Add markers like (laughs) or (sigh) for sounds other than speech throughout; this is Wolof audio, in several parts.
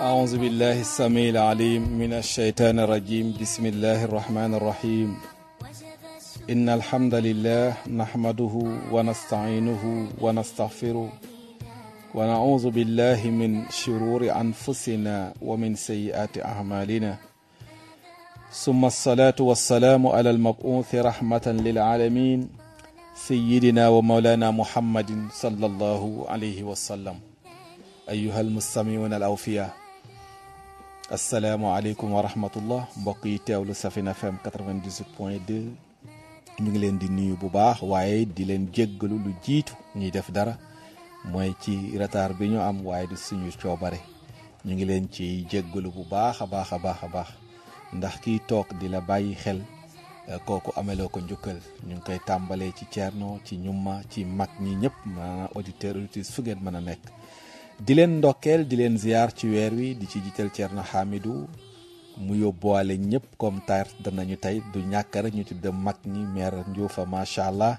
أعوذ بالله السميع العليم من الشيطان الرجيم بسم الله الرحمن الرحيم إن الحمد لله نحمده ونستعينه ونستغفره ونعوذ بالله من شرور أنفسنا ومن سيئات أعمالنا ثم الصلاة والسلام على المبعوث رحمة للعالمين سيدنا ومولانا محمد صلى الله عليه وسلم أيها المستمعون الأوفياء asalaamaaleykum wa rahmatullah mbokk yi teewlu Safina FM 98.2 ñu ngi leen di nuyu bu baax waaye di leen jéggalu lu jiitu ñuy def dara mooy ci retard bi ñu am waaye di suñu coobare ñu ngi leen ci jéggalu bu baax a baax a baax a baax ndax kiy toog di la bàyyi xel eh, kooku ameloo ko njukkal ñu ngi koy tàmbalee ci Thierno ci ñumma ci mag ñi ñëpp maanaam auditeur auditrice fu ngeen mën a nekk di leen ndokkeel di leen ziar ci weer wi di ci jiital Thierno Hamidou mu yóbbuwaale ñëpp comme dem nañu tey du ñàkk rek ñu dem mag ñi maire Ndioufa macha allah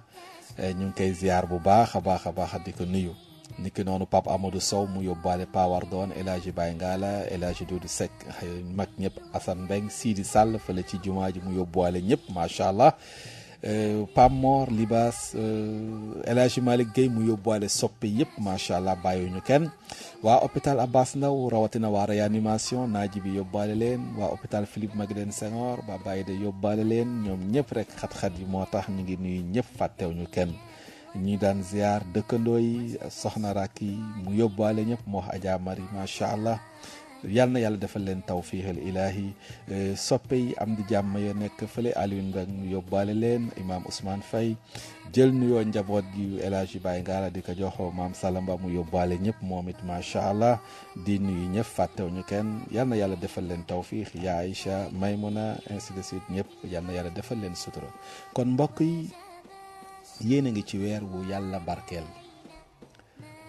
eh, ñu ngi koy ziar bu baax a baax a baax di ko nuyu. niki noonu Pape Amadou Sow mu yóbbuwaale Pawar doon El Hadj ngaala Ngala du Hadj Doudou Seck eh, mag ñëpp Assane Mbengue Sidi Sall fële ci jumaa ji mu yóbbuwaale ñëpp macha allah. Euh, pam Mor Libaas euh, El Hadji Malick Guèye mu yóbbuwaale soppe yëpp macha allah bàyyiwuñu kenn waa hôpital Abbas Ndao rawatina waa réanimation naaji bi yóbbuwaale leen waa hôpital Philippe Maguilène Senghor ba bàyyi de yóbbaale leen ñoom ñëpp rek xat-xat yi moo tax ñu ngi nuyu ñëpp fàttewuñu kenn. ñu daan ziar dëkkandoo yi soxna rakk yi mu yóbbuwaale ñëpp moo wax Adja Marie macha allah. yàlla na yàlla defal leen tawfiixal ilaahi eh, soppe yi am di jàmm ya nekk fële Aliou Ndang yóbbaale leen imaam Ousmane Faye jël nuyoo njaboot gi El Hadji Baye Ngara di ko joxoo maam Salamba mu yóbbaale ñëpp moom it macha allah di nuyu ñëpp fàttewuñu kenn yal yàlla defal leen tawfiix yaa Aïcha may ainsi de suite ñëpp yal yàlla defal leen sutura kon mbokk yi yéen ngi ci weer wu yàlla barkeel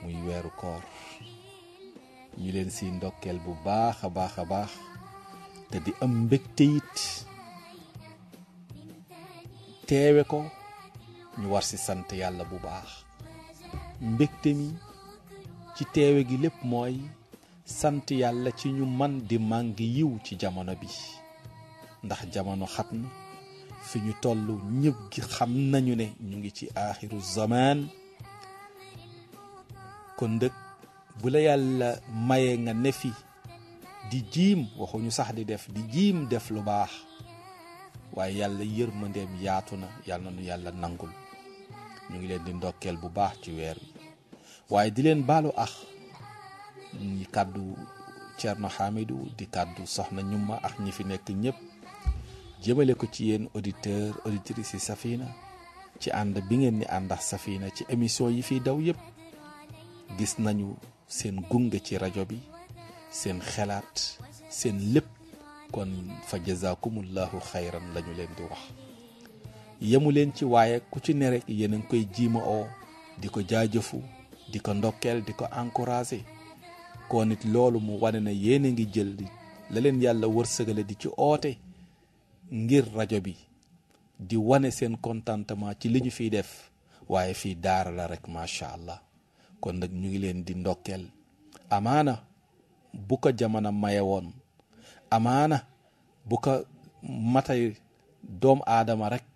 muy weeru koor. ñu leen si ndokkeel bu baax a baax a baax te di am mbégte it teewe ko ñu war ci sant yàlla bu baax mbégte mi ci teewe gi lépp mooy sant yàlla ci ñu man di màngi yiw ci jamono bi ndax jamono xat na fi ñu toll ñëpp gi xam nañu ne ñu ngi ci aaxiru zamaan kon dëkk bu la yàlla mayee nga ne fi di jiim waxuñu sax di def di jiim def lu baax waaye yàlla yërmandeem yaatu na yàlla na nu yàlla nangul ñu ngi leen di ndokkeel bu baax ci weer wi waaye di leen baalu ax ñi kàddu Thierno Hamidou di kàddu soxna ñuma ak ñi fi nekk ñëpp jëmale ko ci yéen auditeur auditrice yi Safina ci ànd bi ngeen di ànd ak Safina ci émission yi fiy daw yëpp gis nañu seen gunge ci rajo bi seen xelaat seen lépp kon fa jazakumullahu xayran la lañu leen di wax yemu leen ci waaye ku ci ne rek yéen a ngi koy jiima oo di ko jaajëfu di ko ndokkeel di ko encouragé kon nit loolu mu wane na yéen a ngi jël la leen yàlla wërsëgale di ci oote ngir rajo bi di wane seen contentement ci li ñu fiy def waaye fii daara la rek macha allah kon nag ñu ngi leen di ndokkeel amaana bu ko jamono maye woon amaana bu ko matay doom aadama rekk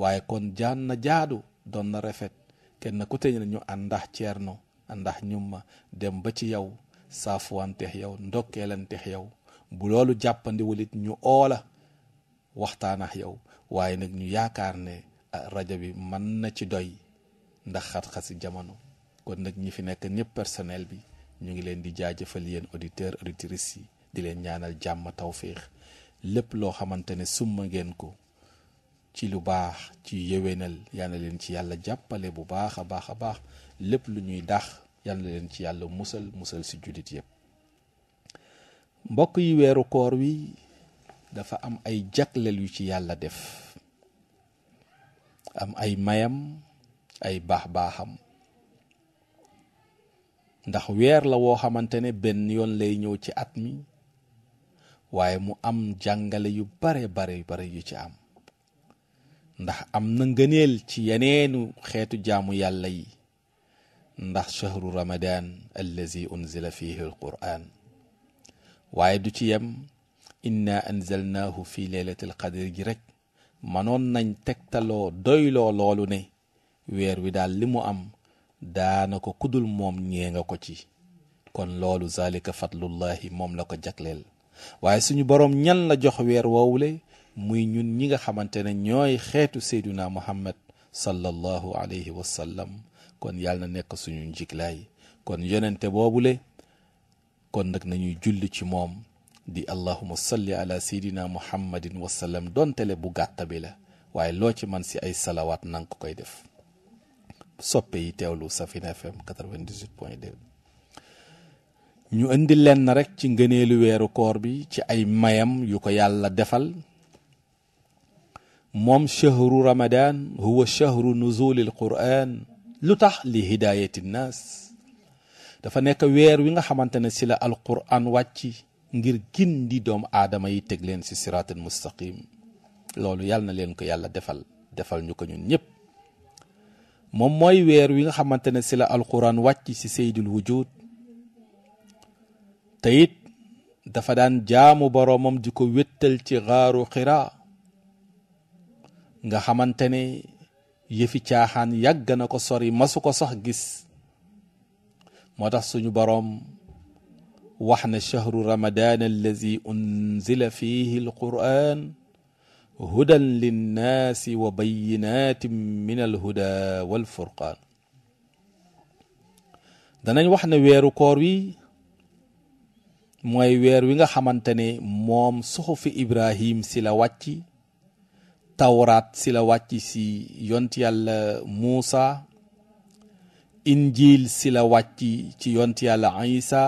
waaye kon jaan na jaadu doon na rafet kenn ku teñ ñu àndax ceerno àndax ñumma dem ba ci yow saafuwanteex yow ndokkeelanteex yow bu loolu jàppandiwulit ñu oola waxtaanax yow waaye nag ñu yaakaar ne ah, rajo bi mën na ci doy ndax xat-xasi jamono kon nag ñi fi nekk ñëpp personel bi ñu ngi leen di jaajëfal yéen auditeurs auditrices yi di leen ñaanal jàmm tawféex lépp loo xamante ne summa ngeen ko ci lu baax ci yéwénal yal na leen ci yàlla jàppale bu baax a baax a baax lépp lu ñuy dax yal na leen ci yàlla musal musal si jullit yépp mbokk yi weeru koor wi dafa am ay jagleel yu ci yàlla def am ay mayam ay baax baaxam ndax weer la woo xamante ne benn yoon lay ñëw ci at mi waaye mu am jàngale yu bare bare bare yu ci am ndax am na ngëneel ci yeneenu xeetu jaamu yàlla yi ndax shahru ramadan allazi unzila fihi alquran waaye du ci yem inna anzalnaahu fi leylatil qadr ji rek manoon nañ tegtaloo doyloo loolu ne weer wi daal li mu am daana ko kudul moom ñee nga ko ci kon loolu zalika fadlullahi moom la ko jagleel waaye suñu boroom ñan la jox weer woowule muy ñun ñi nga xamante ne ñooy xeetu seyduna muhammad sallallahu alayhi wa sallam kon yàlla na nekk suñu njiglaay kon yonente boobule kon nag nañuy julli ci moom di allahuma salli ala seydina muhammadin wa sallam dontele bu gàtta bi la waaye loo ci man si ay salawaat nanga ko koy def soppe yi teewlu Safina FM 98 point 2 ñu indi lenn rekk ci ngëneelu weeru koor bi ci ay mayam yu ko yàlla defal moom chahru ramadan huwa chahru nuzulil quran lu tax li hidayati nnaas dafa nekk weer wi nga xamante ne si la alquran wàcc ngir gindi doomu aadama yi teg leen si siraatal mustaqim loolu yàlla na leen ko yàlla defal defal ñu ko ñun ñëpp moom mooy weer wi nga xamante ne si la alquran wàcc ci seydul wujud te dafa daan jaamu boroomam di ko wéttal ci xaaru xira nga xamante ne yëfi caaxaan yàgg na ko sori masu ko sax gis moo tax suñu boroom wax na chahru ramadan allazi unzila fihi hudan linnaasi wa bayyinaatin min alhuda walfurqaan danañ wax ne weeru koor wi mooy weer wi nga xamante ne moom suxufi ibrahim si la wàcc tawraat si la wàcc si yont yàlla muusa injiil si la wàcc ci yont yàlla isa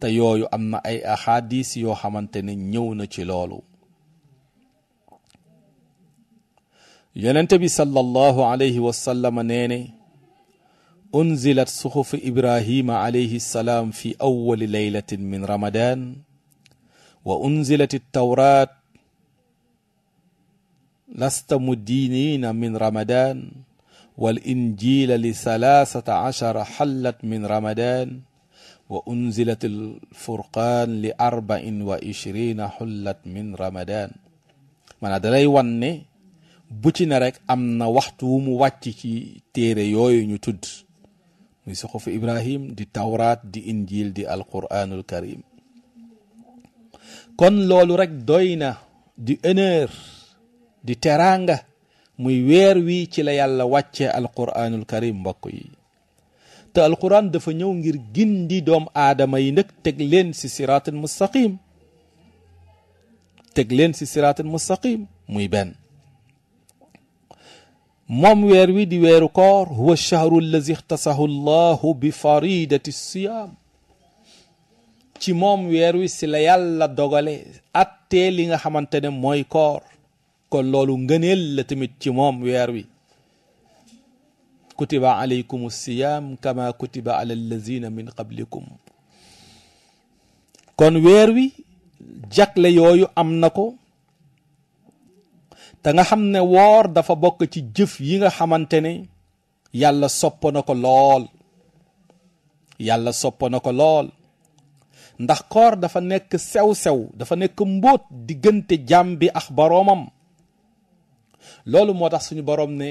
te yooyu am na ay axadis yoo xamante ne ñëw na ci loolu yonente bi sallallahu alayhi wa sallama nee ne unzilat suxufu ibrahima alayhi salaam fi awali laylatin min ramadan wa unzilat altawrat lasta muddiinina min ramadan wal injila li salaasata ashara xallat min ramadan wa unzilat alfurqaan li arbain wa ishrina xullat min ramadan maanaam dalay wan ne bu ci ne rek am na waxtu wu mu wàcc ci téere yooyu ñu tudd muy suxufu ibrahim di tawraat di injil di alquranul karim kon loolu rek doy na di honneur di teraanga muy weer wi ci la yàlla wàcce alquranul karim mbokk yi te alquran dafa ñëw ngir gindi doomu aadama yi nag teg leen si siraatal mustaqim teg leen si siraatal mustaqim muy benn moom weer wi di weeru koor huwa shahru allazi ixtasahu llahu bi faridati siyaam ci moom weer wi si la yàlla dogale attee li nga xamante ne mooy koor kon loolu ngëneel la tamit ci moom weer wi kutiba alaykum siyaam kama kutiba ala allazina min qablikum kon weer wi jagle yooyu am na ko te nga xam ne woor dafa bokk ci jëf yi nga xamante ne yàlla sopp na ko lool yàlla sopp na ko lool ndax koor dafa nekk sew-sew dafa nekk mbóot diggante jaam bi ak boroomam loolu moo tax suñu boroom ne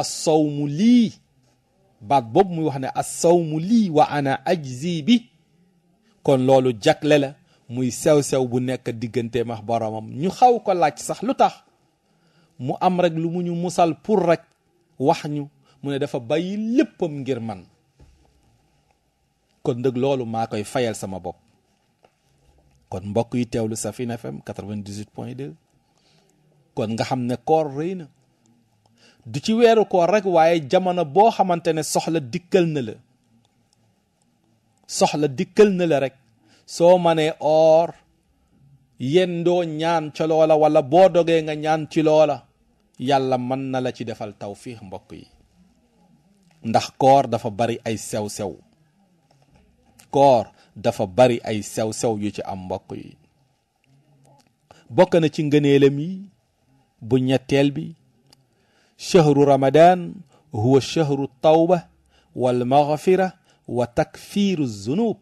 as assawmu lii baat boobu muy wax ne as mu lii wa ana ajzi bi kon loolu jagle la muy sew-sew bu nekk digganteem ak boroomam ñu xaw ko laaj sax lu tax mu am rek lu mu ñu musal pour rek wax ñu mu ne dafa bàyyi léppam ngir man kon dëgg loolu maa koy fayal sama bopp kon mbokk yi teewlu Safina FM 98 point 2 kon nga xam ne koor rëy na du ci weeru koor rek waaye jamono boo xamante ne soxla dikkal na la soxla dikkal na la rek soo manee oor yendoo ñaan ca loola wala boo dogee nga ñaan ci loola yàlla mën na la ci defal tawfiix mbokk yi ndax koor dafa bari ay sew-sew koor dafa bari ay sew-sew yu ci am mbokk yi bokk na ci ngëneelam yi bu ñetteel bi chahru ramadan huwa chahru tawba wal maghfira wa takfiru zunub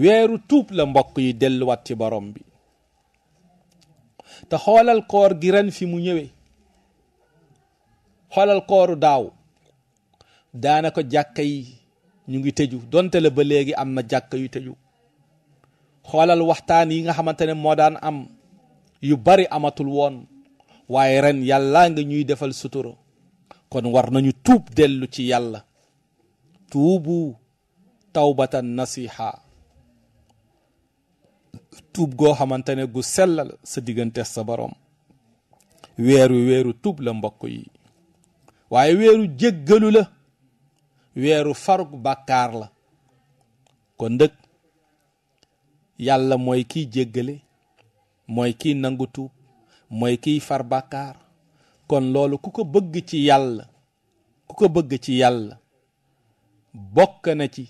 weeru tub la mbokk yi delluwaat ci borom bi te xoolal koor gi ren fi mu ñëwee xoolal kooru daaw daanaka jàkka yi ñu ngi tëju donte la ba léegi am na jàkka yu tëju xoolal waxtaan yi nga xamante ne moo daan am yu bari amatul woon waaye ren yàlla ngi ñuy defal sutura kon war nañu tuub dellu ci yàlla tuubu tawbatan nasiha tuub goo xamante ne gu sellal sa diggante sa boroom weer wi weeru tuub la mbokk yi waaye weeru jéggalu la weeru farug bàkkaar la ko ndëkk yàlla mooy kiy jéggale mooy kiy nangu tuub mooy kiy far bàkkaar kon loolu ku ko bëgg ci yàlla ku ko bëgg ci yàlla bokk na ci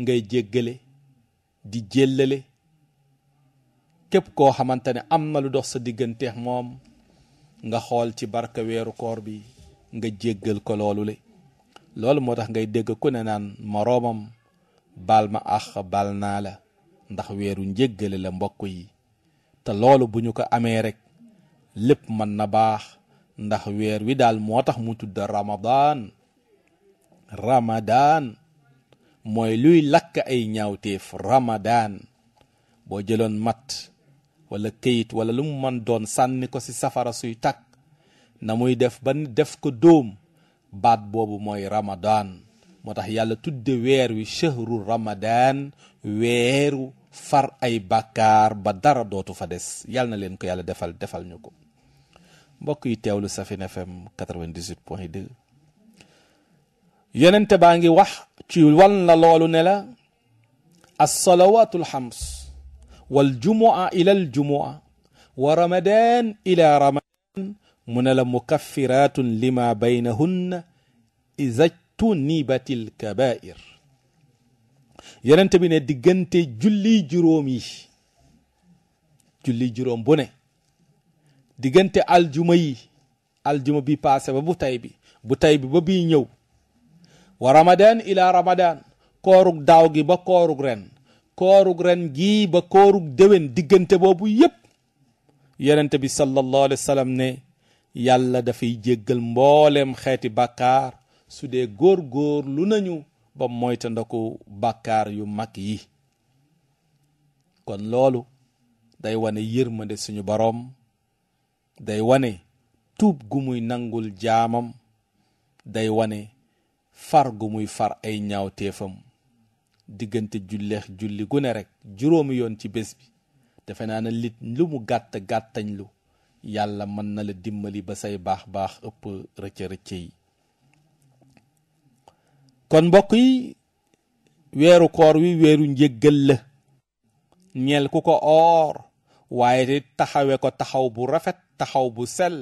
ngay jéggale di jéllale képp koo xamante ne am na lu dox sa digganteex moom nga xool ci barka weeru koor bi nga jéggal ko loolu le loolu moo tax ngay dégg ku ne naan moroomam baal ma ax baal naa la ndax weeru njéggale la mbokk yi te loolu bu ñu ko amee rek lépp mën na baax ndax weer wi daal moo tax mu tudd ramadaan ramadaan mooy luy lakk ay ñaawteef ramadaan boo jëloon mat wala kayit wala lu mu mën doon sànni ko ci safara suy takk na muy def ba def ko doom baat boobu mooy ramadaan moo tax yàlla tudde weer wi shahru ramadaan weeru far ay bàkkaar ba dara dootu fa des yàlla na leen ko yàlla defal defal ñu ko mbokk yi teewlu Safin FM 98.2 yonente baa wax ci wan loolu ne la as salawatul xams waljumua ila aljumua wa ramadan ila ramadan mu ne la lima baynahunna izajtunibatil kabair yonent bi ne diggante julli juróom julli juróom bu ne diggante aljuma bi passé ba bu tay bi bu tay ba bii ñëw wa ramadan ila ramadan koorug daaw ba koorug ren koorug ren gii ba koorug déwén diggante boobu yépp yonent bi sallallahu alayhi wa ne yàlla dafay jéggal mbooleem xeeti bakkar su dee góor-góor lu nañu ba moytandaku bàkkaar yu mag yi kon loolu day wane yërmande suñu boroom day wane tub gu muy nangul jamam day wane far gu far ay ñaawteefam diggante julleex julli gu rek juróomi yoon ci bés bi defe naa ne lit lu mu gàtt gàttañ lu yàlla mën na la dimbali ba say baax baax ëpp rëcce rëcce yi kon mbokk yi weeru koor wi weeru njëggal la ñeel ku ko oor waaye te taxawe ko taxaw bu rafet taxaw bu sel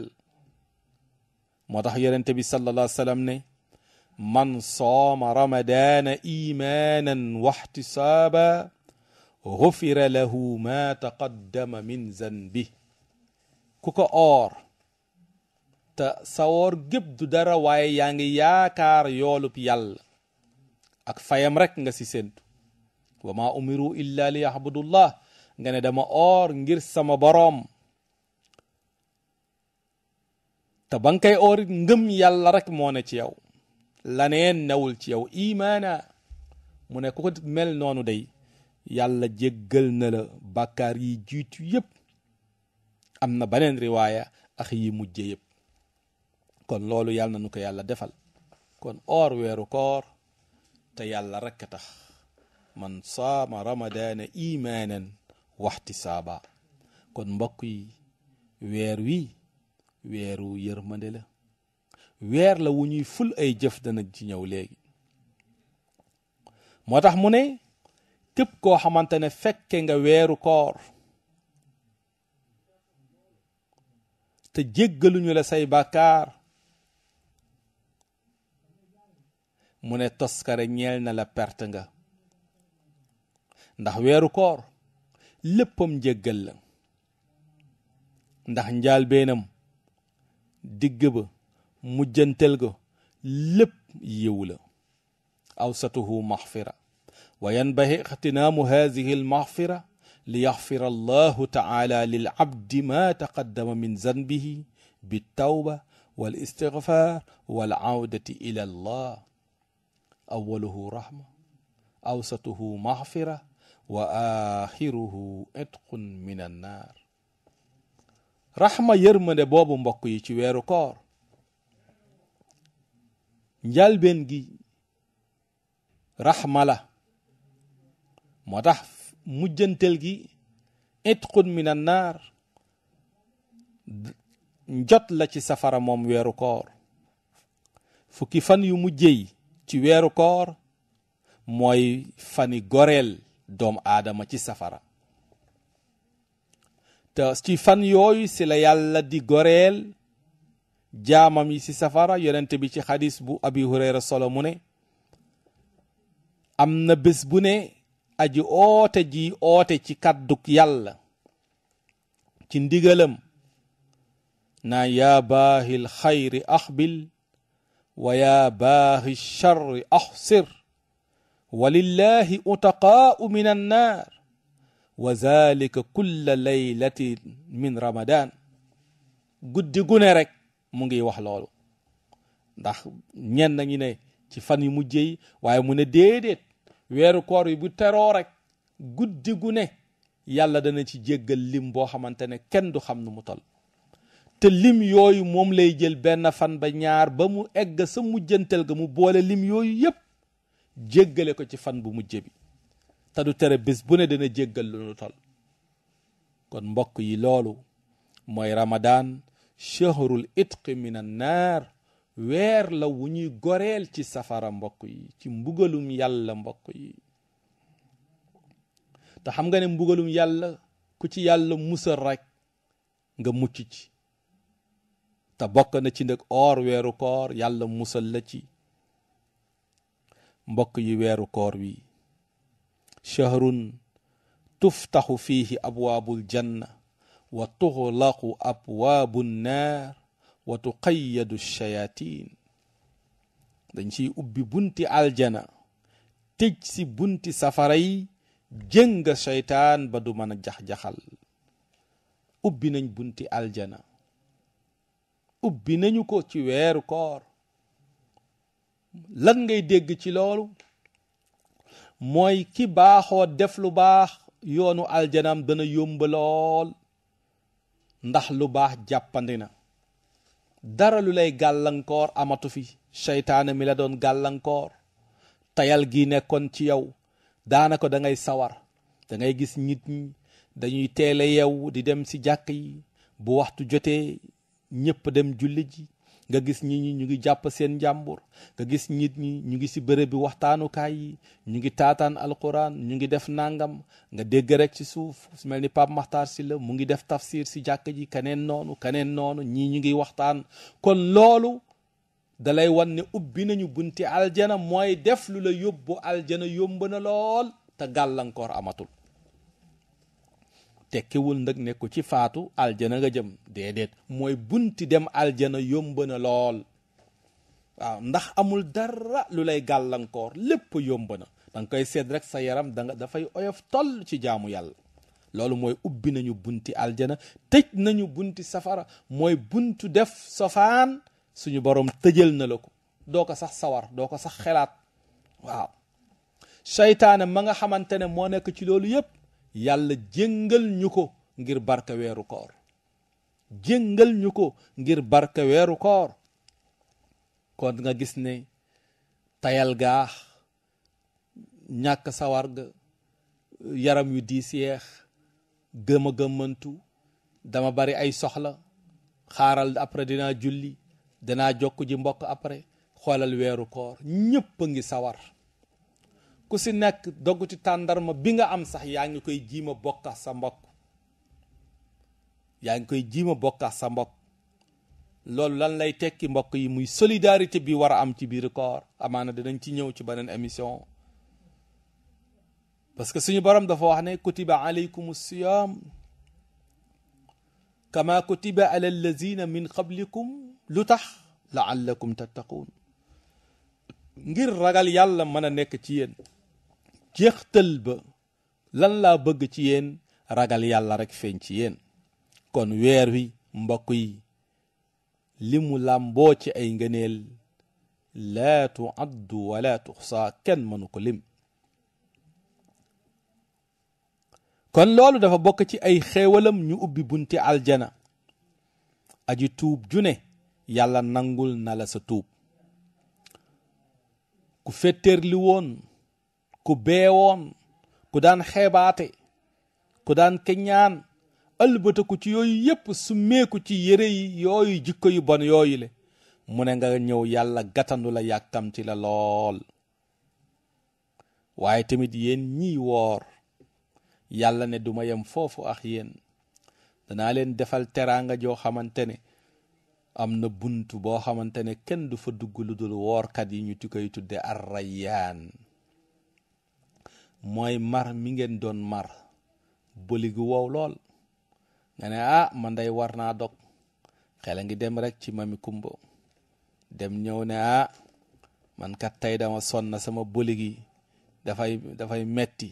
moo tax yonente bi sallallahu alayhi ne man sooma ramadaana imaanan waxtisaaba gufira lahu ma taqaddama min zanbi ku ko oor te sawoor gépp du dara waaye yaa ngi yaakaar yoolub yàlla ak fayam rek nga si séntu wa ma umiru illa li yahbudullah nga ne dama oor ngir sama boroom te ba nga koy oorit ngëm yàlla rek moo ne ci yow laneen nawul ci yow imaana mu ne ku ko mel noonu day yàlla jéggal na la bàkkaar yi jiitu yëpp am na beneen riwaaya ak yi mujje yëpp kon loolu yàlla na nu ko yàlla defal kon oor weeru koor te yàlla rekk tax man saama ramadaana imaanan waxti saaba kon mbokk yi weer wi weeru yërmande weer la wu ñuy ful ay jëf dana ci ñëw léegi moo tax mu ne képp koo xamante ne fekke nga weeru koor te jéggaluñu la say bàkkaar mu ne toskare ñeel na la perte nga ndax weeru koor léppam jéggal la ndax njaalbeenam digg ba mujjantel ga lépp yiw la awsatuhu maxfira wa yanbaxi ixtinaamu haadihi almaxfira li yaxfira allahu taala lil abdi ma taqaddama min zanbihi bi tawba wal istigfaar wal awdati ila allah awaluhu rahma awsatuhu maxfira wa axiruhu itqun min annaar rahma yërmande boobu mbokk yi ci weeru koor njalbeen gi raxma la moo tax mujjantel gi itqun min naar njot la ci safara moom weeru koor fukki fan yu mujjey ci weeru koor mooy fani goreel doom aadama ci safara te ci fan yooyu si la yàlla di goreel jaamam yi ci safara yonent bi ci xadis bu abi hurayra solo mu ne am na bés bu ne aji oote ji oote ci kàdduk yàlla ci ndigalam naa yaa baaxi lxayri axbil wa yaa baaxi charri axsir wa lillahi utaqaau min annaar wa zalika kulla laylatin min ramadan guddi gu rek mu ngi wax loolu ndax ñen ngi ne ci fan yu mujj yi waaye mu ne déedéet weeru koor yi bu teroo rekk guddi gu ne yàlla dana ci jéggal lim boo xamante ne kenn du xam nu mu tol te lim yooyu moom lay jël benn fan ba ñaar ba mu egg sa mujjanteel ga mu boole lim yooyu yëpp jéggale ko ci fan bu mujj bi te du tere bés bu ne dana jéggal lu nu toll kon mbokk yi loolu mooy ramadaan chahrul itqi min an naar weer la wu ñuy goreel ci safara mbokk yi ci mbugalum yàlla mbokk yi te xam nga ne mbugalum yàlla ku ci yàlla musal rekk nga mucc ci te bokk na ci nag or weeru koor yàlla musal la ci mbokk yi weeru koor wi chahrun tuftaxu fiihi abwaabul janna wa tuxlaqu abwaabu naar wa tuqayyadu shayatin dañ ciy ubbi bunti aljana tëj si bunti safara yi jënga seytaan ba du mën a jax-jaxal ubbi nañ bunti aljana ubbi nañu ko ci weeru koor lan ngay dégg ci loolu mooy ki baaxoo def lu baax yoonu aljanam dana yomb lool ndax lu baax jàppandi na dara lu lay gàllankoor amatu fi seytaane mi la doon gàllankoor teyal gi nekkoon ci yow daanaka dangay sawar dangay gis nit ñi dañuy teele yeew di dem si jàkk yi bu waxtu jotee ñépp dem julli ji nga gis ñi ñi ñu ngi jàpp seen njàmbur nga gis nit ñi ñu ngi si bërëb bi waxtaanukaay yi ñu ngi taataan alquran ñu ngi def nangam nga dégg rek ci suuf su mel ni Pape si la mu ngi def tafsir si jàkk ji keneen noonu keneen noonu ñii ñu ngi waxtaan kon loolu dalay wan ne ubbi nañu bunti aljana mooy def lu la yóbbu aljana yomb na lool te gàllankoor amatul tekkiwul nag nekku ci faatu aljana nga jëm déedéet mooy bunti dem aljana yomb na lool waaw ndax amul dara lu lay gàllankoor lépp yomb na koy seet rek sa yaram da dafay oyof toll ci jaamu yàlla loolu mooy ubbi nañu bunti aljana tëj nañu bunti safara mooy buntu def sofaan suñu borom tëjal na la ko doo ko sax sawar doo ko sax xelaat waaw seytaane ma nga xamante ne moo nekk ci loolu yépp yàlla jéngal ñu ko ngir barke weeru koor jéngal ñu ko ngir barke weeru koor kon nga gis ne tayal gaax ñàkk sawar ga yaram yu diis yeex gëma gëmmantu dama bari ay soxla xaaral après dinaa julli danaa jokk ji mbokk après xoolal weeru koor ñépp a ngi sawar ku si nekk dogg ci tàndarma bi nga am sax yaa ngi koy jiima bokka sa mbokk yaa ngi koy jiima bokka sa mbokk loolu lan lay tekki mbokk yi muy solidarité bi war a am ci biir koor amaana dinañ ci ñëw ci beneen émission parce que suñu borom dafa wax ne kutiba alaykum siyam kama kutiba ala allazina min qablikum lu tax laallakum tattaquun ngir ragal yàlla mën a nekk ci yéen jeextal ba lan laa bëgg ci yéen ragal yàlla rek feeñ ci yéen kon weer wi mbokk yi li làmboo ci ay ngëneel laa tuaddu wala tuxsaa kenn mënu ko lim kon loolu dafa bokk ci ay xéewalam ñu ubbi bunti aljana aji tuub june yàlla nangul nala sa tuub ku fetteer li woon ku beewoon ku daan xeebaate ku daan keñaan ëlbatiku ci yooyu yépp su meeku ci yére yi yooyu jikko yu bon yooyu le mu ne nga ñëw yàlla gatandu la yàkkamti la lool waaye tamit yéen ñiy woor yàlla ne duma yem foofu ak yéen danaa leen defal teraanga joo xamante ne am na bunt boo xamante ne kenn du fa dugg lu dul woorkat yi ñu ti koy tudde mooy mar mi ngeen doon mar bëli wow lool nga ne ah man war naa dog xel a ngi dem rek ci mami kumbo dem ñëw ne ah man kat tey dama sonn sama bëli gi dafay dafay metti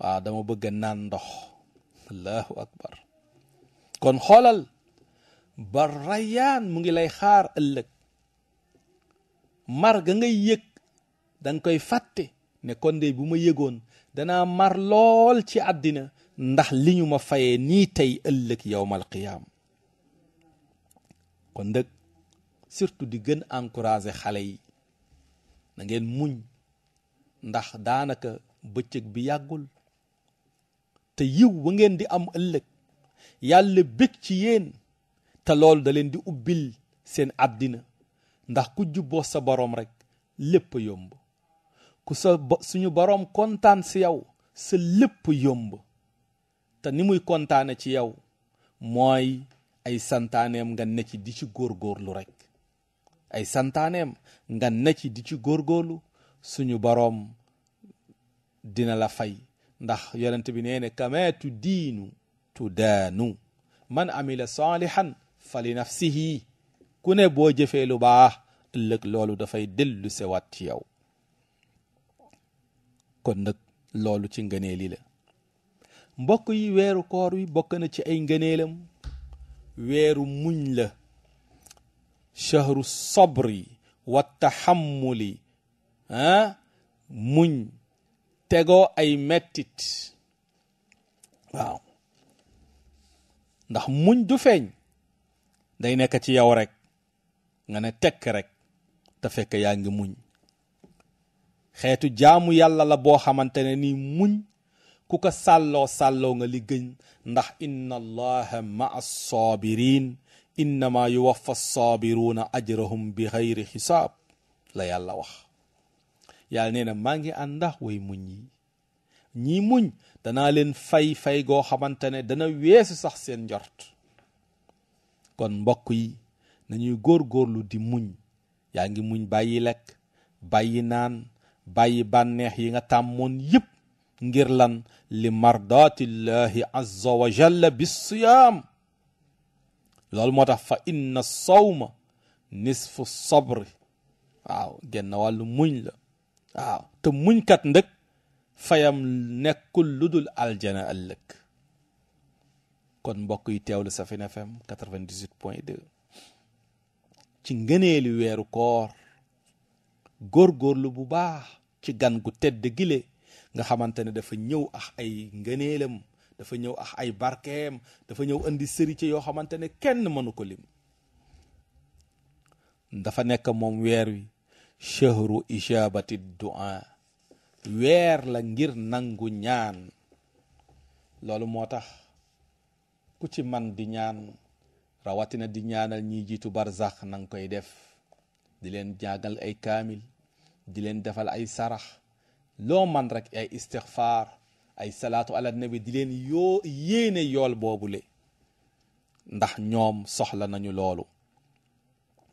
waaw dama bëgg naan ndox allahu akbar kon xoolal ba mu ngi lay xaar ëllëg mar ga ngay yëg danga koy fàtte ne kon de bu ma yëgoon danaa mar lool ci àddina ndax li ñu ma fayee nii tey ëllëg yowmal qiyaam kon nag surtout di gën encouragé xale yi na muñ ndax daanaka bëccëg bi yàggul te yiw ba ngeen di am ëllëg yàlla bég ci yéen te loolu da leen di ubbil seen àddina ndax ku jubboo sa borom rek lépp yomb ku sa suñu boroom kontaan si yow sa lépp yomb te ni muy kontaane ci yow mooy ay santaaneem nga ne ci di ci góorgóorlu rekk ay santaaneem nga ne ci di ci góorgóorlu suñu boroom dina la fay ndax yonent bi nee ne kama tu diinu tu daanu man amila saalihan fali nafsihi ku ne boo jëfee lu baax ëllëg loolu dafay dellu sewaat ci yow kon nag loolu ci ngëneel yi la mbokk yi weeru koor wi bokk na ci ay ngëneelam weeru muñ la shahru sabri wa taxammuli ah muñ tegoo ay mettit waaw ndax muñ du feeñ day nekk ci yow rek nga ne tekk rek te fekk yaa ngi muñ xeetu jaamu yàlla la boo xamante ne ni muñ ku ko sàlloo sàlloo nga li gëñ ndax inna allaha maa saabirin innama yuwaffa saabiruuna ajrahum bi xayri xisaab la yàlla wax yàlla nee maa ngi àndax way muñ yi ñii muñ danaa leen fay fay goo xamante ne dana weesu sax seen njort kon mbokk yi nañuy góorgóorlu di muñ yaa ngi muñ bàyyi lekk bàyyi naan bàyyi bànneex yi nga tàmmoon yépp ngir lan li mardatillahi azza wa jalla bisiyaam loolu moo tax fa inna sawma nisfu sabri waaw genn wàllu muñ la waaw te muñkat ndëkk fayam nekkul lu dul aljana ëllëg kon mbokk yi teewlu Safin FM ci ngëneelu weeru koor góor góorlu bu baax ci gan gu tedd gile nga xamante ne dafa ñëw ax ay ngëneelam dafa ñëw ax ay barkeem dafa ñëw andi sëri ci yoo xamante ne kenn mënu ko lim dafa nekk moom weer wi chahru ijabati dua weer la ngir nangu ñaan loolu moo tax ku ci man di ñaan rawatina di ñaanal ñiy jiitu barzax nang koy def di leen jàngal ay kaamil di leen defal ay sarax loo man rekk ay istixfaar ay salaatu ala nabi di leen yoo yéene yool boobule ndax ñoom soxla nañu loolu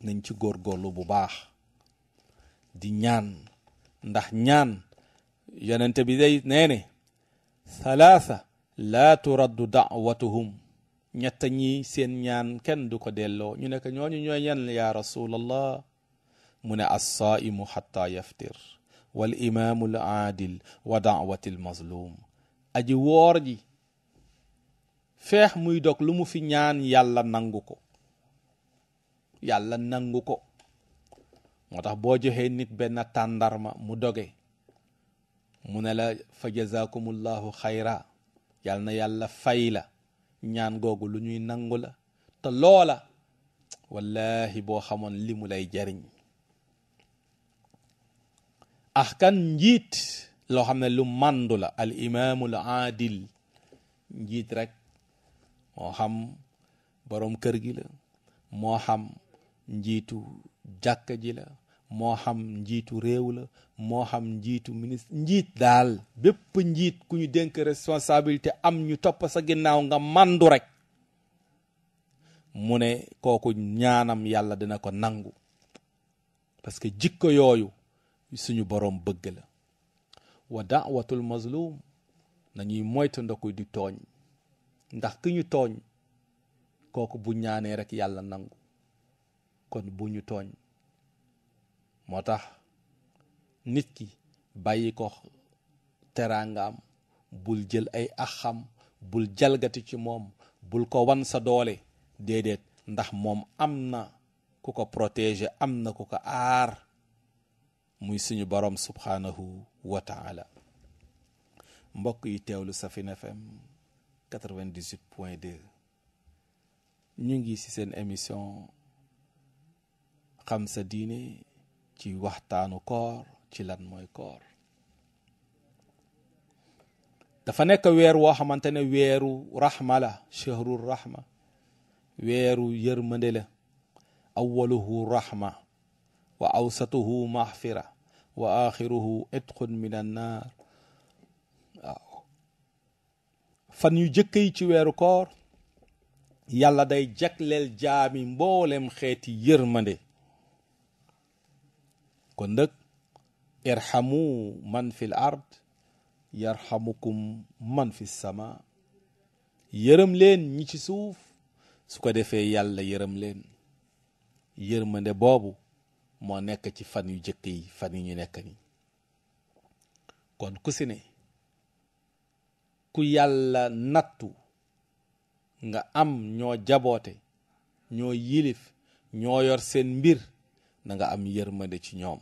nañ ci góorgóorlu bu baax di ñaan ndax ñaan yonente bi day nee ne salaasa laa turaddu dawatuhum ñett ñi seen ñaan kenn du ko delloo ñu nekk ñooñu ñooy yan yaa rasulallah mu ne alsaaimu xata yaftir wal imaamu al aadil wa daawati al mazlum aji woor ji feex muy dog lu mu fi ñaan yàlla nangu ko yàlla nangu ko moo tax boo joxe nit benn tàndarma mu doge mu ne la fa jazakumullahu xayra yal na yàlla fay la ñaan googu lu ñuy nangu la te loola wallahi boo xamoon li mu lay jariñ a ah, kan njiit loo xam ne lu màndu la al imaamul aadil njiit rek moo xam boroom kër gi la moo xam njiitu jàkka ji la moo xam njiitu réew moo xam njiitu ministre njiit daal bépp njiit ku ñu dénk responsabilité am ñu topp sa ginnaaw nga màndu rek mu ne kooku ñaanam yàlla dina ko nangu parce jikko yooyu suñu borom bëgg la wa daawatul mazlum nañuy moytandiku di tooñ ndax ki ñu tooñ kooku bu ñaanee rek yàlla nangu kon bu ñu tooñ moo tax nit ki bàyyi ko teraangaam bul jël ay axam bul jalgati ci moom bul ko wan sa doole déedéet ndax moom am na ku ko protéger am na ku ko aar muy suñu borom subhaanahu wa taala mbokk yi teewlu Safina FM 98 point ñu ngi ci seen émission xam sa diine ci waxtaanu koor ci lan mooy koor dafa nekk weer woo xamante ne weeru raxmala la raxma weeru yërmande la awaluhu raxma wa awsatuhu maxfira wa axiruhu itqun min annaar waaw fan yu jëkk yi ci weeru koor yàlla day jagleel jaami mboolem xeeti yërmande kon nag irhamu man fil ard yarhamukum man fi sama yërëm leen ñi ci suuf su ko defee yàlla yërëm leen yërmande boobu moo nekk ci fan yu jëkk yi fan yu ñu nekk ni kon ku si ne ku yàlla nattu nga am ñoo jaboote ñoo yilif ñoo yor seen mbir na nga am yërmande ci ñoom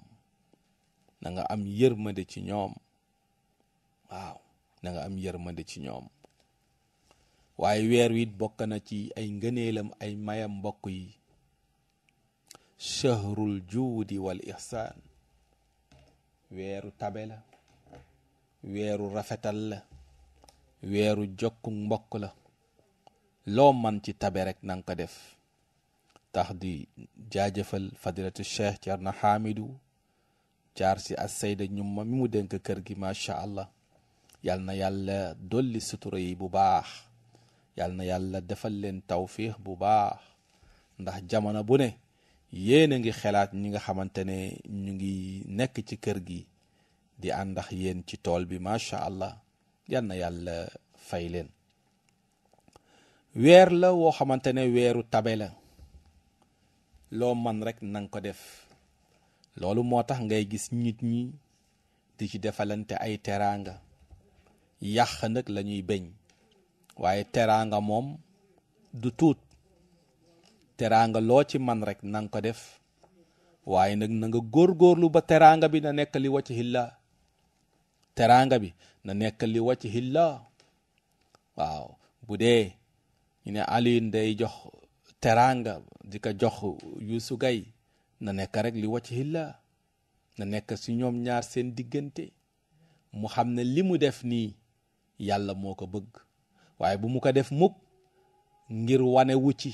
na am yërmande ci ñoom waaw na nga am yërmande ci ñoom waaye weer wit it bokk na ci ay ngëneelam ay mayam mbokk yi shahrul juudi wal ihsaan weeru tabe la weeru rafetal la weeru jokku mbokk la loo man ci tabe rek nanga ko def tax di jaajëfal fadilatu cheikh na Hamidou jaar si as sayda ñumma mi mu denk kër gi macha allah yal na yàlla dolli sutura yi bu baax yal na yàlla defal leen tawfiix bu baax ndax jamono bu ne yéen a ngi xelaat ñi nga xamante ne ñu ngi nekk ci kër gi di àndax yéen ci tool bi macha allah yal na yàlla fay leen weer la woo xamante ne weeru tabe la loo man rekk nanga ko def loolu moo tax ngay gis nit ñi di ci defalante ay teraanga yàq nag lañuy beñ waaye teraanga moom du tuut teraanga loo ci man rek nang ko def waaye nag na góor góorlu ba teraanga bi na nekk li wacc hilla teraanga bi na nekk li wacc waaw bu dee ñu ne Alioune day jox teraanga di ko jox Youssou Gaye na nekk rek li wacc hilla na nekk si ñoom ñaar seen diggante mu xam ne li mu def nii yàlla moo ko bëgg waaye bu mu ko def muk ngir wane wu ci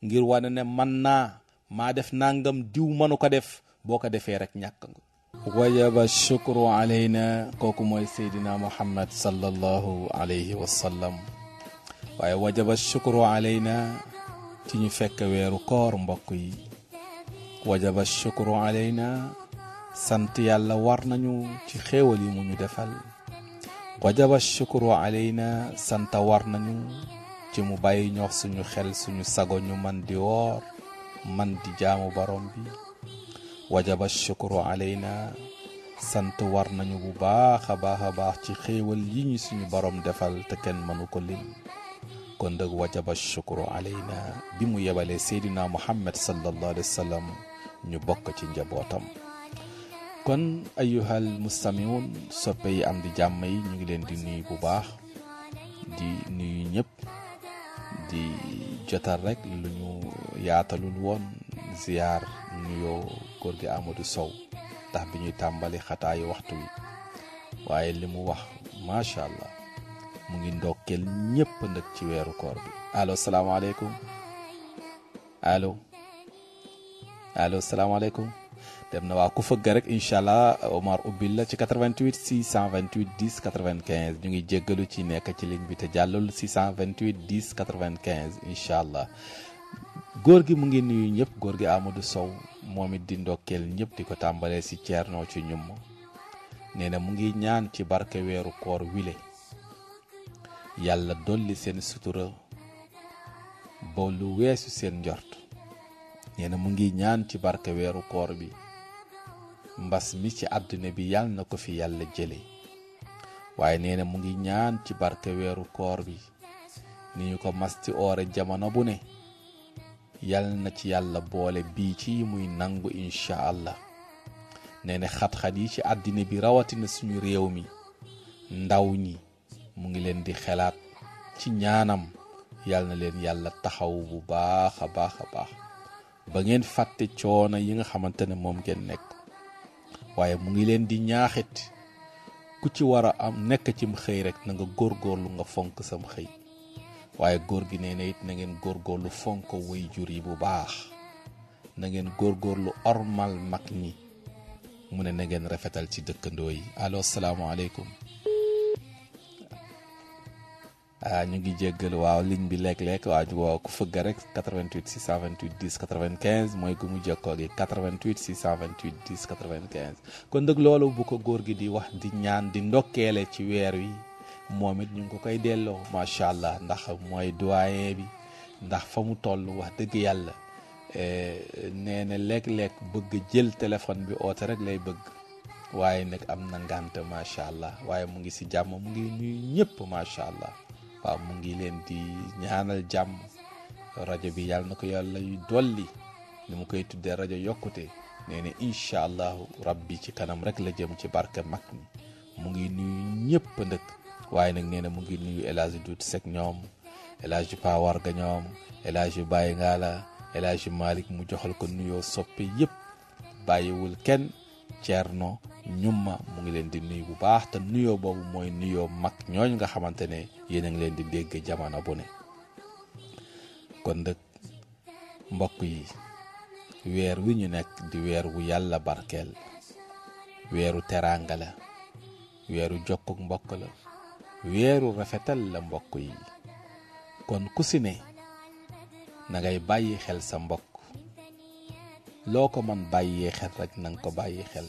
ngir wane ne man naa maa def nangam diw mënu ko def boo ko defee rek ñàkk nga wajaba shukru alayna kooku mooy seydina muhammad sallallahu alayhi wa sallam waaye wajaba shukru alayna ci ñu fekk weeru koor mbokk yi wajaba shukru alayna sant yàlla war nañu ci xéewal yi mu ñu defal wajaba shukru alayna sant war nañu ci mu bàyyi ñoox suñu xel suñu sago ñu man di woor man di jaamu borom bi wajaba shukru alayna sant war nañu bu baax a baax a baax ci xéewal yi suñu borom defal te kenn mënu ko lim kon dëgg wajaba shukru alayna bi mu yebalee seydina muhammad sallallahu alayhi wa sallam ñu bokk ci njabootam kon ayuhal mustamiun soppe yi am di jàmm yi ñu ngi leen di nuyu bu baax di nuyu ñëpp di jotal rekk lu ñu yaatalul woon ziar nuyoo góor gi Amadou Sow tax bi ñuy tàmbali xataayu waxtu wi waaye li mu wax macha allah mu ngi ndokkeel ñëpp nag ci weeru koor bi allo salaamaaleykum allo allo salaamaaleykum dem na waaw ku fëgg rek incha allah Omar ubbil la ci 88 628 10 95 ñu ngi jéggalu ci nekk ci ligne bi te jàllul 628 10 95 incha allah góor gi mu ngi nuyu ñëpp góor gi amadu Sow moom it di ndokkeel ñëpp di ko tàmbalee si Thierno ci ñum nee na mu ngi ñaan ci barke weeru koor wile yàlla dolli seen sutura ba lu weesu seen njort nee mu ngi ñaan ci barke weeru koor bi mbas mi ci àddina bi yàlla na ko fi yàlla jële waaye nee na mu ngi ñaan ci barke weeru koor bi ni ñu ko mas ci oore jamono bu ne yàlla na ci yàlla boole bii ci muy nangu incha allah nee na xat-xat yi ci àddina bi rawatina suñu réew mi ndaw ñi mu ngi leen di xelaat ci ñaanam yàlla na leen yàlla taxaw bu baax a baax a baax ba ngeen fàtte coono yi nga xamante ne moom ngeen nekk waaye mu ngi leen di ñaaxit ku ci war a am nekk cim xëy rek na nga góor góorgóorlu nga fonk sam xëy waaye góor gi nee na it na ngeen lu fonk woy jur yi bu baax na ngeen lu ormal mag ñi mu ne na ngeen rafetal ci dëkkandoo yi allo salaamaaleykum Ah, ñu ngi jéggal waaw ligne bi léeg lekk waaw ku fëgg rek 88 628 10 95 mooy gu mu jëkkoo gi 88 628 10 95 kon nag loolu bu ko góor gi di wax di ñaan di ndokkeele ci weer wi moom it ñu ngi ko koy delloo macha allah ndax mooy doyen bi ndax fa mu toll wax dëgg yàlla eh, nee na léeg-léeg bëgg jël téléphone bi oote rek lay bëgg waaye nag am na ngànt macha allah waaye mu ngi si jàmm mu ngi muy ñëpp macha allah. waaw mu ngi leen di ñaanal jàmm rajo bi yàlla na ko yàlla dolli nu mu koy tuddee rajo yokkute nee na incha allahu rabbi ci kanam rek la jëm ci barke mag mu ngi nuyu ñëpp ndëkk waaye nag nee na mu ngi nuyu El Hadj Doudou Seck ñoom El Hadj Pa Warga ñoom El Hadj Baye Ngala El Hadj Malick mu joxal ko nuyoo soppe yëpp bàyyiwul kenn. Thierno Ñuma mu ngi leen di nuyu bu baax te nuyoo boobu mooy nuyoo mag ñooñu nga xamante ne yéen a ngi leen di dégg jamono bu ne kon nag mbokk yi weer wi ñu nekk di weer wu yàlla barkeel weeru teraanga la weeru jokkuk mbokk la weeru rafetal la mbokk yi kon ku si bàyyi xel sa mbokk loo ko mën bàyyee xel rek na nga ko bàyyi xel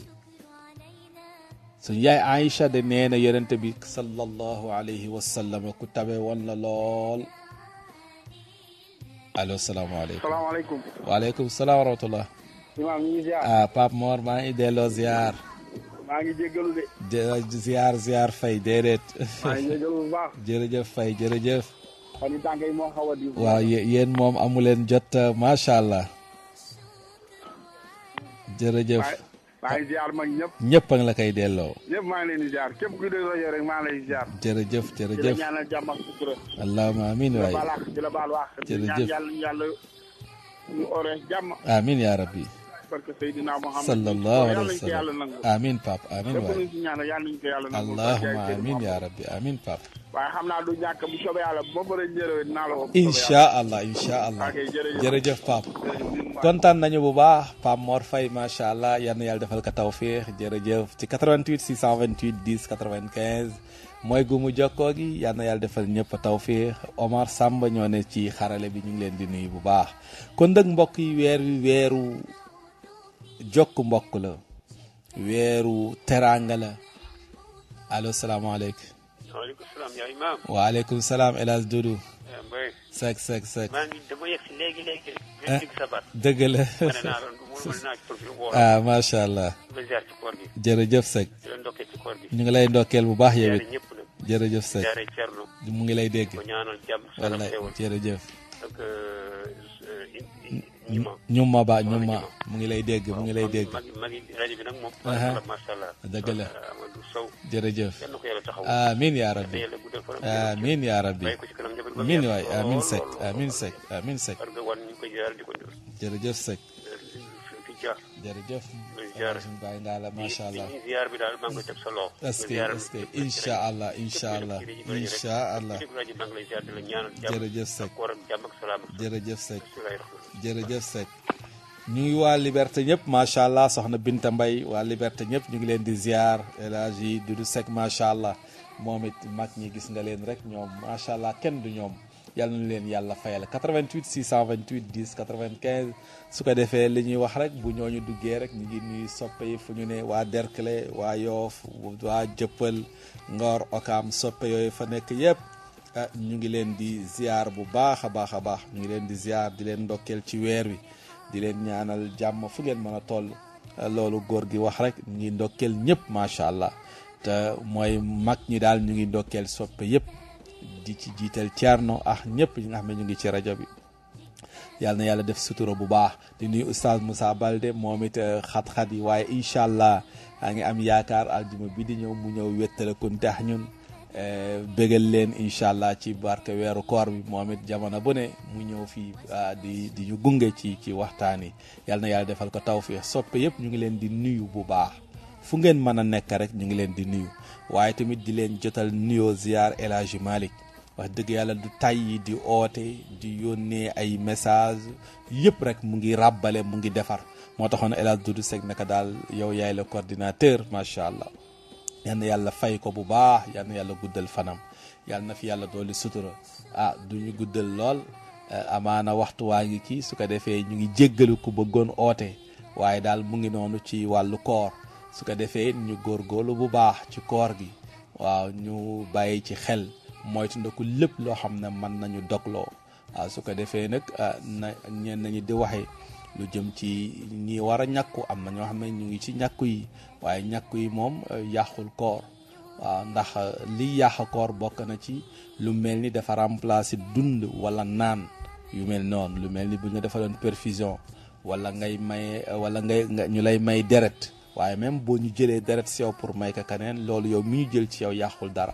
suñ yaay Aïcha de nee na yonente bi sallallahu alayhi wa sallam ku tabe woon la lool allo salaamaaleykum salaamaaleykum waaleykum salaam wa rahmatullah imaam ñu ngi ziar ah Pape Mor maa ngi delloo ziar maa ngi jégalu de ziar ziar Faye déedéet maa ngi jégalu bu baax (laughs) jërëjëf Faye jërëjëf xam ni tànk yi moo xaw a di waaw yéen moom amu leen jot macha allah jërëjëf maa ngi mag ñëpp ñëpp a la koy delloo ñëpp maa leen di képp kuy rajo rek maa ngi lay jërëjëf jërëjëf ñaanal amin waay di la baal waax jërëjëf yàlla yàlla ñu ore jàmm amin yaa rabbi parce que Seydina amin pap amin waay allahuma amin yaa rabbi amin pap waaye xam naa du ñàkk bu soobee yàlla bu jërëjëf Pape kontaan nañu bu baax Pape moor fay macha allah yal na yàlla defal ko tawféex jërëjëf ci 88 628 10 95 mooy gumu jokkoo gi yal na yàlla defal ñëpp tawféex Omar Samba ñoo ne ci xarale bi ñu ngi leen di nuyu bu baax kon nag mbokk yi weer weeru jokk mbokk la weeru teraanga la allo salaamaaleykum. waaleykum salaam yaa imaam. waaleykum salaam El Hadj Doudou. sek sek sek. maa ngi dama yegg si léegi léegi. dëgg la. ah macha allah. jërëjëf sek. ñu ngi lay ndokkeel bu baax yow it. jërëjëf sek. mu ngi lay dégg. wallaay jërëjëf. ñum ma ba ñum mu ngi lay dégg mu ngi lay dégg uh-huh. dëgg la uh, jërëjëf amin yaa rabbi amin yaa rabbi amin waay amin sek amin sek amin sek jërëjëf sek jërëjëf suñu bàyyi ndaa la macha allah est-ce que est-ce que incha allah incha allah incha allah jërëjëf sek sek jërëjëf Seck ñu ngi waa Liberté ñëpp macha allah soxna Binta mbay waa Liberté ñëpp ñu ngi leen di ziar El Hadj yi Dudu Seck allah moom it mag ñi gis nga leen rek ñoom macha allah kenn du ñoom yàlla nañu leen yàlla fayal 88 628 10 95 su ko defee li ñuy wax rek bu ñoo ñu duggee rek ñu ngi nuyu soppe fu ñu ne waa Derklé waa Yoof waa Jëppal Ngor Okam soppe yooyu fa nekk yëpp. Ah, ñu ngi leen di ziar bu baax a baax a baax ñu ngi leen di ziar di leen ndokkeel ci weer wi di leen ñaanal jàmm fu ngeen mën a toll ah, loolu góor gi wax rek ñu ngi ndokkeel ñëpp macha allah te mooy mag ñi daal ñu ngi ndokkeel soppe yëpp di ci jiital Thierno ak ñëpp ñi nga xam ne ñu ngi ci rajo bi. yàlla na yàlla def sutura bu baax di nuyu oustaz Moussa Balde moom it ah, xat-xat yi waaye incha allah yaa ngi am yaakaar aljuma bi di ñëw mu ñëw wéttale kon tax ñun. Eh, bégal leen incha allah ci barke weeru koor bi moom it jamono bu ne mu ñëw fii ah, di di ñu gunge ci ci waxtaan yi yal yàlla defal ko taw tawfeex soppe yëpp ñu ngi leen di nuyu bu baax fu ngeen mën a nekk rek ñu ngi leen di nuyu waaye tamit di leen jotal nuyoo ziar El Hadji Malick wax dëgg yàlla du tàyyi di oote di yónnee ay message yëpp rek mu ngi ràbbale mu ngi defar moo taxoon El Hadji Doudou Seck naka daal yow yaay la coordinateur macha allah. yal yàlla fay ko bu baax yan yàlla guddal fanam yal na fi yàlla dooli sutura ah du ñu guddal lool eh, amaana waxtu waa ngi kii su ko defee ñu ngi jéggalu ku bëggoon oote waaye daal mu ngi noonu ci wàllu koor su ko defee ñu góor góorlu bu baax ci koor gi waaw ñu bàyyi ci xel moytandiku lépp loo xam ne mën nañu dogloo waaw ah, su ko defee nag ah, na nañu di waxee lu jëm ci ñi war a ñàkku am na ñoo xam ne ñu ngi ci ñàkku yi waaye ñàkku yi moom euh, yàqul koor waaw ndax euh, liy yàq koor bokk na ci lu mel ni dafa remplacer dund wala naan yu mel noonu lu mel ni bu ñu defaloon perfusion wala ngay maye euh, wala ngay ñu lay may deret waaye même boo ñu jëlee deret si pour may ka keneen loolu yow mu ñu jël ci yow yàqul dara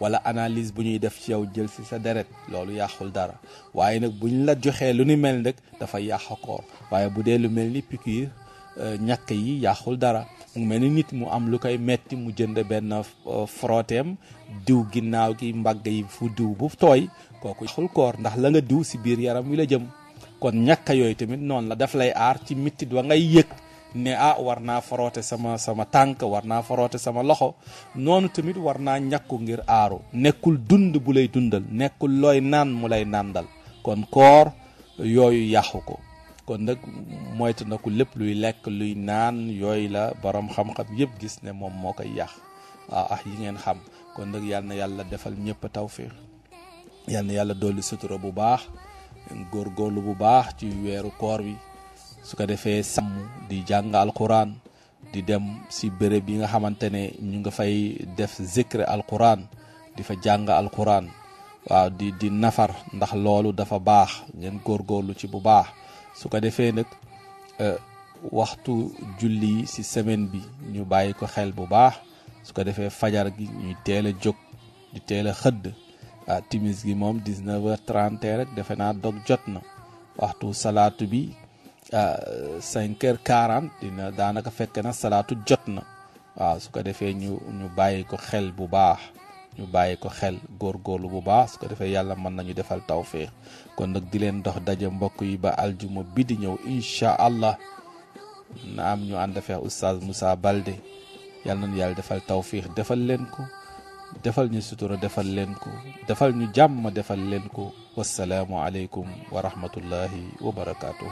wala analyse bu ñuy def ci yow jël si sa deret loolu yàqul dara waaye nag bu ñu la joxee lu ni mel nag dafa yàq koor waaye bu dee lu mel ni piqûre euh, ñàkk yi yàqul dara mu mel ni nit mu am lu koy metti mu jënd benn euh, frotteem diw ginnaaw gi mbagg yi fu diw bu tooy kooku yàqul koor ndax la nga diw si biir yaram wi la jëm kon ñàkk yooyu tamit noonu la daf lay aar ci mitit wa ngay yëg ne ah war naa forote sama sama tànk war naa foroote sama loxo noonu tamit war naa ñàkku ngir aaru nekkul dund bu lay dundal nekkul looy naan mu lay nàndal kon koor yooyu yàqu ko kon nag moytu na ko lépp luy lekk luy naan yooyu la borom xam-xam yëpp gis ne moom moo koy yàq waaw ah, ah yi ngeen xam kon nag yal na yàlla defal ñëpp tawfiq yal na yàlla dolli sutura bu baax góorgóorlu bu baax ci weeru koor wi su ko defee sàmm di jàng alquran di dem si béréb yi nga xamante ne ñu nga fay def zikre alquran di fa jàng alquran waaw di di nafar ndax loolu dafa baax ngeen góor góorlu ci bu baax su ko defee nag e, waxtu julli yi si semaine bi ñu bàyyi ko xel bu baax su ko defee fajar gi ñuy teel a jóg di teel a xëdd ah timis gi moom 19 heures 30 rek defe naa dog jot na waxtu salaatu bi Euh, cinq heures quarante dina daanaka fekk na salaatu jot na waaw su ko defee ñu ñu bàyyi ko xel bu baax ñu bàyyi ko xel góor góorlu bu baax su ko defee yàlla mën nañu defal tawféex kon nag di leen dox daje mbokk yi ba aljuma bi di ñëw incha allah na am ñu ànd feex oustaz Moussa Balde yàlla nañu yàlla defal tawféex defal leen ko defal ñu sutura defal leen ko defal ñu jàmm defal leen ko wasalaamu aleykum wa rahmatullahi